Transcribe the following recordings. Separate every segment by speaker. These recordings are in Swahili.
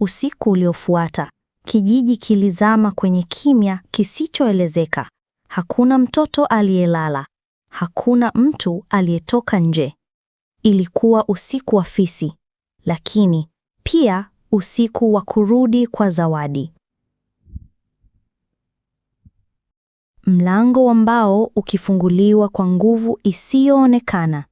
Speaker 1: Usiku uliofuata kijiji kilizama kwenye kimya kisichoelezeka. Hakuna mtoto aliyelala, hakuna mtu aliyetoka nje. Ilikuwa usiku wa fisi, lakini pia usiku wa kurudi kwa Zawadi. Mlango wa mbao ukifunguliwa kwa nguvu isiyoonekana.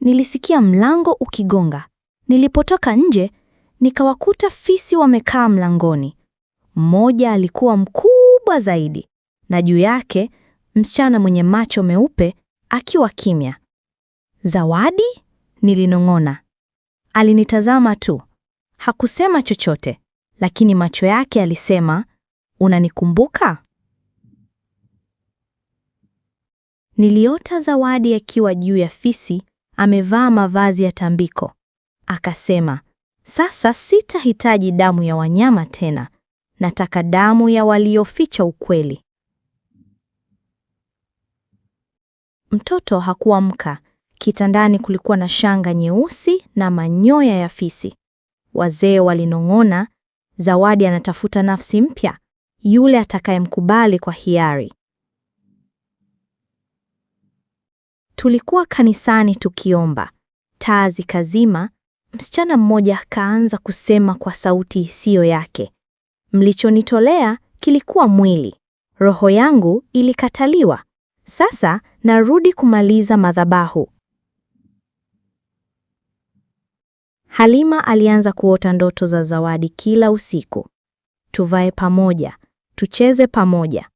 Speaker 1: Nilisikia mlango ukigonga, Nilipotoka nje, nikawakuta fisi wamekaa mlangoni. Mmoja alikuwa mkubwa zaidi, na juu yake msichana mwenye macho meupe akiwa kimya. Zawadi? Nilinong'ona. Alinitazama tu, hakusema chochote, lakini macho yake alisema, unanikumbuka? Niliota Zawadi akiwa juu ya fisi, amevaa mavazi ya tambiko, Akasema, sasa sitahitaji damu ya wanyama tena, nataka damu ya walioficha ukweli. Mtoto hakuamka. Kitandani kulikuwa na shanga nyeusi na manyoya ya fisi. Wazee walinong'ona, Zawadi anatafuta nafsi mpya, yule atakayemkubali kwa hiari. Tulikuwa kanisani tukiomba, taa zikazima, msichana mmoja kaanza kusema kwa sauti isiyo yake, mlichonitolea kilikuwa mwili, roho yangu ilikataliwa. Sasa narudi kumaliza madhabahu. Halima alianza kuota ndoto za Zawadi kila usiku. Tuvae pamoja, tucheze pamoja.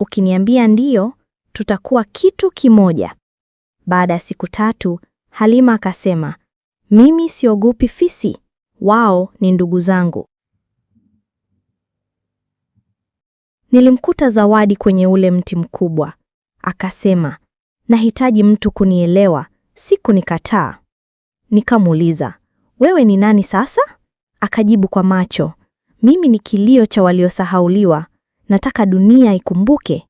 Speaker 1: Ukiniambia ndiyo, tutakuwa kitu kimoja. Baada ya siku tatu, Halima akasema mimi siogopi fisi, wao ni ndugu zangu. Nilimkuta Zawadi kwenye ule mti mkubwa. Akasema, nahitaji mtu kunielewa, si kunikataa. Nikamuuliza, wewe ni nani sasa? Akajibu kwa macho, mimi ni kilio cha waliosahauliwa, nataka dunia ikumbuke.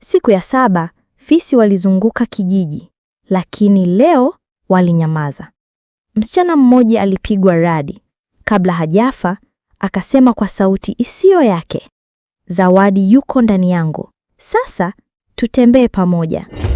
Speaker 1: Siku ya saba, fisi walizunguka kijiji lakini leo walinyamaza. Msichana mmoja alipigwa radi kabla hajafa, akasema kwa sauti isiyo yake, Zawadi yuko ndani yangu, sasa tutembee pamoja.